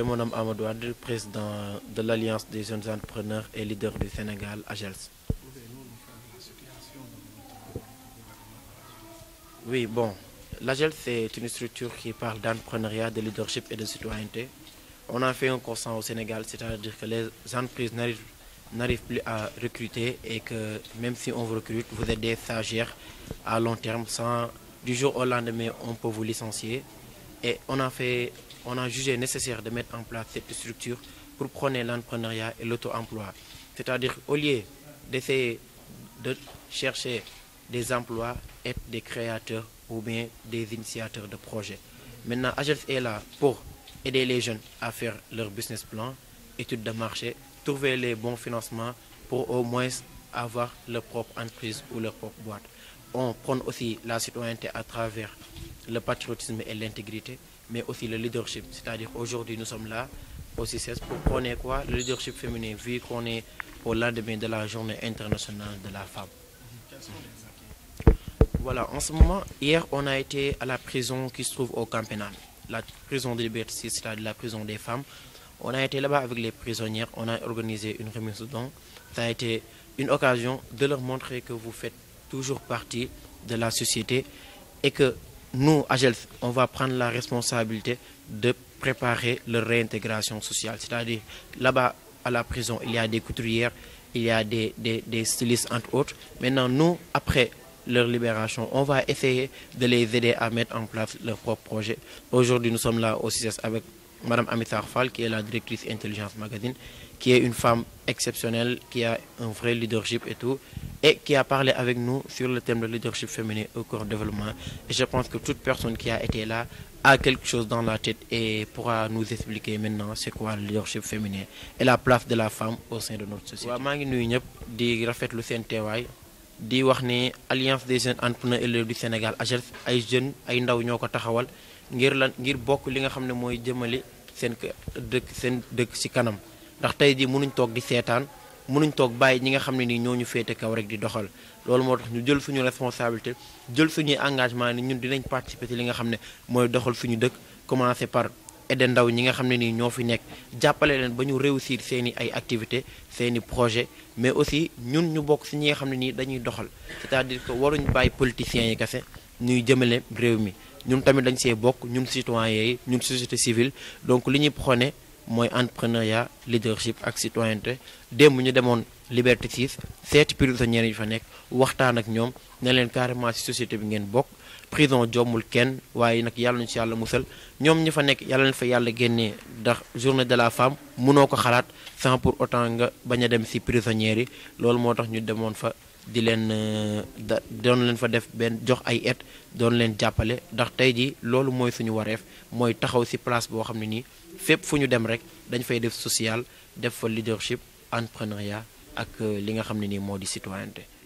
Je me nomme Amadou président de l'Alliance des jeunes entrepreneurs et leaders du Sénégal, AGELS. Oui, bon, l'AGELS c'est une structure qui parle d'entrepreneuriat, de leadership et de citoyenneté. On a fait un constat au Sénégal, c'est-à-dire que les entreprises n'arrivent plus à recruter et que même si on vous recrute, vous êtes des à long terme. Sans, du jour au lendemain, on peut vous licencier. Et on a, fait, jugé nécessaire de mettre en place cette structure pour prôner l'entrepreneuriat et l'auto-emploi. C'est-à-dire, au lieu d'essayer de chercher des emplois, être des créateurs ou bien des initiateurs de projets. Maintenant, AGELS est là pour aider les jeunes à faire leur business plan, études de marché, trouver les bons financements pour au moins avoir leur propre entreprise ou leur propre boîte. On prône aussi la citoyenneté à travers le patriotisme et l'intégrité, mais aussi le leadership. C'est-à-dire aujourd'hui nous sommes là au CICES pour prôner quoi Le leadership féminin, vu qu'on est au lendemain de la journée internationale de la femme. Voilà, en ce moment, hier, on a été à la prison qui se trouve au camp la prison de liberté, c'est-à-dire la prison des femmes. On a été là avec les prisonnières, on a organisé une remise de été une occasion de leur montrer que vous faites nous, AGELF, on va prendre la responsabilité de préparer leur réintégration sociale. C'est-à-dire, là-bas, à la prison, il y a des couturières, il y a des, des, des stylistes, entre autres. Maintenant, nous, après leur libération. On va essayer de les aider à mettre en place leur propre projet. Aujourd'hui, nous sommes là au CIS avec Madame Amitar Fall, qui est la directrice Intelligence Magazine, qui est une femme exceptionnelle, qui a un vrai leadership et tout, et qui a parlé avec nous sur le thème de leadership féminin au Et je pense que toute personne qui a été là a quelque chose dans la tête et pourra nous expliquer maintenant c'est quoi le leadership féminin et la place de la femme au sein de notre société. waaw maa ngi nuyu ñëpp di rafetlu seen teewaay di wax ni alliance des jeunes entrepreneurs élèves du Sénégal AJELS ay jeunes ay ndaw ñoo ko taxawal ngir lan ngir bokk li nga xam ne mooy jëmale. seen dëkk seen dëkk ci kanam ndax tey jii mënuñ toog di seetaan mënuñ toog bàyyi ñi nga xam ne nii ñoo ñu féete kaw rek di doxal loolu moo tax ñu jël suñu responsabilité jël suñuy engagement ni ñun dinañ participer ci li nga xam ne mooy doxal suñu dëkk commencé par aider ndaw ñi nga xam ne nii ñoo fi nekk jàppale leen ba ñu réussir seeni ay activités seeni projet mais aussi ñun ñu bokk ci ñi nga xam ne nii dañuy doxal c'est-à-dire que waruñ bàyyi yi kese ñuy jëmale réew mi ñun tamit dañu see bokk ñun citoyens yi ñun société civile donc li ñuy prôné mooy entrepreneuriat leadership ak citoyenneté démb ñu demoon Liberté 6 seeti prisonniers yi fa nekk waxtaan ak ñoom ne leen carrément ci société bi ngeen bokk prison jommul kenn waaye nag yàlla ñu ci yàlla musal ñoom ñi fa nekk yàlla na fa yàlla génnee ndax journée de la femme mënoo ko xalaat sans pour autant nga bañ a dem ci prisonniers yi loolu moo tax ñu demoon fa. di leen euh, da doon leen fa def benn jox ay et doon leen jàppale ndax tey jii loolu mooy suñu wareef mooy taxaw ci place boo xam ne nii fépp fu ñu dem rek dañ fay def social def fa leadership entrepreneuriat ak euh, li nga xam ne nii moo di citoyenneté